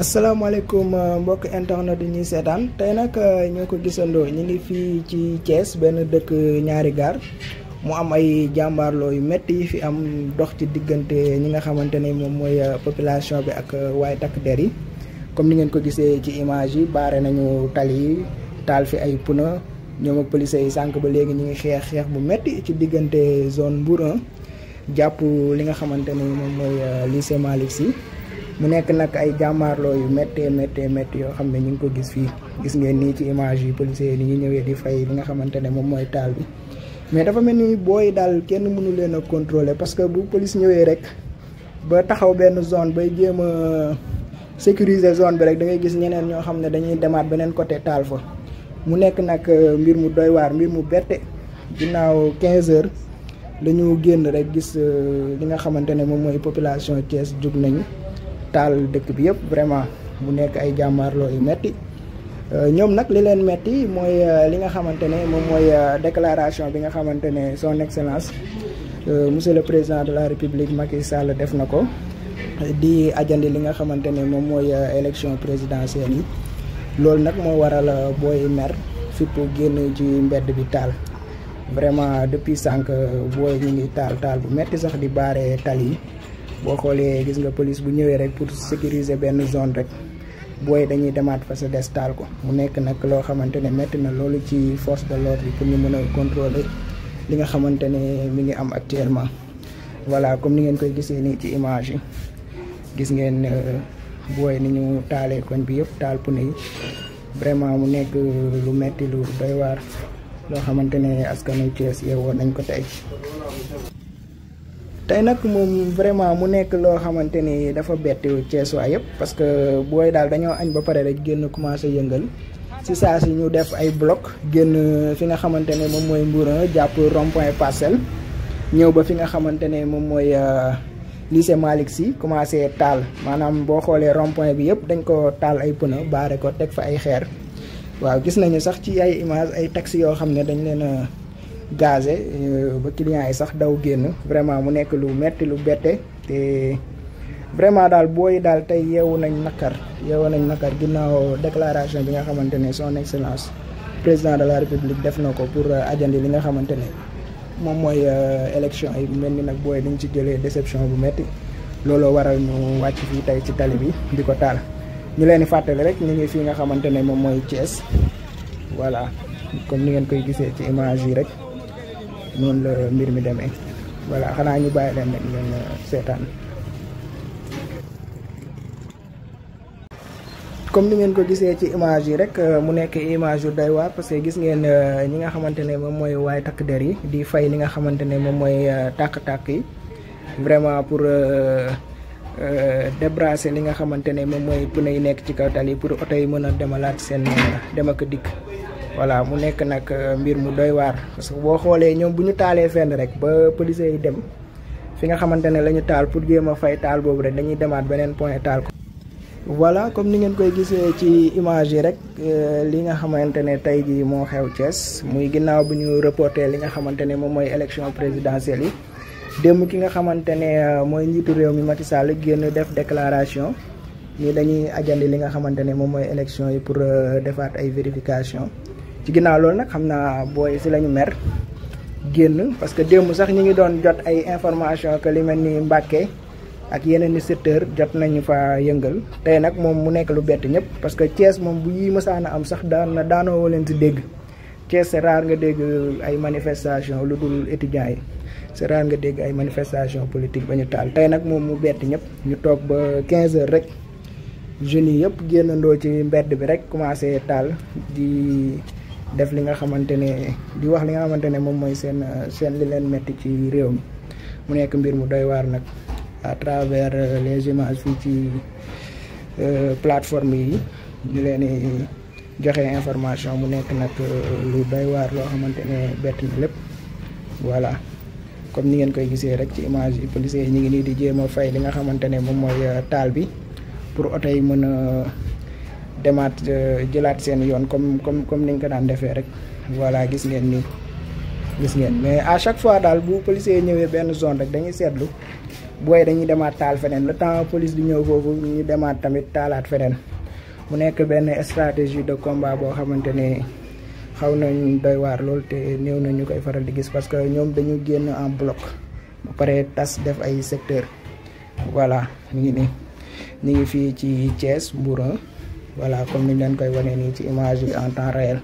asalaamaaleykum euh, mbokk internet yi ñuy seetaan tey nag euh, ñoo ko gisandoo ñu ngi fii ci Thiès benn dëkk ñaari gaar mu am ay jàmbaarloo yu métti yi fi am dox ci diggante ñi nga xamante ne moom mooy euh, population bi ak waaye takk der yi comme ni ngeen ko gisee ci image yi baare nañu tali yi taal fi ay pneu ñoo ak police yi sànq ba léegi ñu ngi xeex xeex bu métti ci diggante zone Mbour jàpp li nga xamante ne moom mooy lycée Malick Sy mu nekk nag ay jàmmaarloo yu méttee méttee métti yoo xam ne ñu ngi ko gis fii gis ngeen nii ci image yi policiers yi ni ñu ñëwee di fay li nga xamante ne moom mooy taal bi mais dafa mel ni booy daal kenn mënu leen a contrôler parce que bu police ñëwee rek ba taxaw benn zone bay jéem a sécuriser zone bi rek da gis ñeneen ñoo xam ne dañuy demaat beneen côté taal mu nekk nag euh, mbir mu doy waar mu bette ginnaaw 15 heures la ñu génn rek gis euh, li nga xamante ne moom mooy population Thiès jóg nañu taal dëkk bi yëpp vraiment mu nekk ay jàmmaarloo yu metti euh, ñoom nag li leen metti mooy euh, li nga xamante ne moom mooy euh, déclaration bi nga xamante ne son excellence monsieur le président de la république Macky Sall def na ko di ajandi li nga xamante ne moom mooy élection présidentielle yi loolu nag moo waral booy mer fipp génn ci mbedd bi taal vraiment depuis sànq booy ñu ngi taal taal bu metti sax di baare tali yi boo xoolee gis nga police bu ñëwee rek pour sécuriser benn zone rek booy dañuy demaat fa sa des taal ko mu nekk nag loo xamante ne métti na loolu ci force de l'ordre yi pour ñu mën a contrôler li nga xamante ne mi ngi am actuellement voilà comme ni ngeen koy gisee nii ci image yi gis ngeen euh, booy ni ñu taalee koñ bi yëpp taal pune yi vraiment mu nekk euh, lu metti lu doy waar loo xamante ne askanu Thiès yeewoo nañ ko tey tey nag moom vraiment mu nekk loo xamante ni dafa bett Cees waa yëpp parce que booy daal dañoo añ ba pare rek génn commencé yëngal si saa si ñu def ay bloc génn fi nga xamante ne moom mooy Mbuuran jàpp rond-point ñëw ba fi nga xamante ne moom mooy euh, lycée Malick si commencé taal maanaam boo xoolee rond bi yëpp dañ ko taal ay pneu baare ko teg fa ay xeer waaw gis nañu sax ci ay image ay taxi yoo xam ne dañ leen a gazé euh, ba clients yi sax daw génn vraiment mu nekk lu metti lu bette te vraiment daal booy daal tey yeewu nañ nakar yeewu nañ nakkar ginnaaw déclaration bi nga xamante ne son excellence président de la république def na ko pour euh, ajandi li nga xamante ne moom mooy euh, élection yi mel ni nag booy dañ ci jëlee déception bu metti looloo waral ñu wàcc fii tey ci tali bi di ko taal ñu leen di fàttali rek ñu ngi fii nga xamante ne moom mooy Thiès voilà comme ni ngeen koy gisee ci image yi rek noonu la mbir mi demee voilà xanaa ñu bàyyi leen nag ngeen euh, seetaan. comme ni ngeen ko gisee ci image yi rek euh, mu nekk image yu doy waar parce que gis ngeen euh, ñi nga xamante ne moom mooy waay takk der yi di fay li nga xamante ne moom mooy tàkk-tàkk yi vraiment pour débrasser li nga xamante ne moom mooy pneu yu nekk ci kaw tali pour oto yi mën a demalaat seen dem ak dikk. voilà mu nekk nag euh, mbir mu doy waar. parce que boo xoolee ñoom bu ñu taalee fenn rek ba police yi dem fi nga xamante ne la ñu taal pour jéem ma fay taal boobu rek dañuy demaat beneen point taal ko. voilà comme ni ngeen koy gisee ci image yi rek euh, li nga xamante ne tey jii moo xew Thiès muy ginnaaw bu ñu reporté li nga xamante ne moom mooy élection présidentielle yi démb ki nga xamante ne euh, mooy njiitu réew mi Macky génn def déclaration ni dañuy ajandi li nga xamante ne moom mooy élection yi pour defaat ay vérification ci ginnaaw loolu nag xam naa booy si lañu mer génn parce que démb sax ñi ngi doon jot ay information que li ni Mbàkke ak yeneen i secteur jot nañu fa yëngal tey nag moom mu nekk lu bett ñëpp parce que Thiès moom bu yi mësaan na am sax daan daanoo leen si dégg Thiès c'est nga dégg ay manifestation lu dul étudiants yi c'est nga dégg ay manifestation politique ba ñu taal tey nag moom mu bett ñëpp ñu toog ba quinze heures rek jeunes yi yëpp génnandoo ci mbedd bi rek commencé taal di def li nga xamante ne di wax li nga xamante ne moom mooy seen seen li leen métti ci réew mi mu nekk mbir mu doy waar nag à travers euh, les images fii ci euh, plateforme yi ñu leen di joxe information mu nekk nag euh, lu doy waar loo xamante ne bett na lépp voilà comme ni ngeen koy gisee rek ci image yi policiers yi ñu ngi nii di jéem a fay li nga xamante ne moom mooy taal bi pour oto mën a demaat euh, jëlaat seen yoon comme comme comme niñ ko daan defee rek voilà gis ngeen nii gis ngeen mais à chaque fois daal bu policier ñëwee benn zone rek dañuy seetlu booy dañuy demaat taal feneen le temps police di ñëw foofu ñu demaat tamit taalaat feneen mu nekk benn stratégie de combat boo xamante ne xaw nañ doy waar loolu te néew na ñu koy faral di gis parce que ñoom dañu génn en bloc ba pare tas def ay secteur voilà ñu ngi nii ñu ngi fii ci Thiès Mbour voilà comme niñ leen koy wane nii ci image yi en temps réel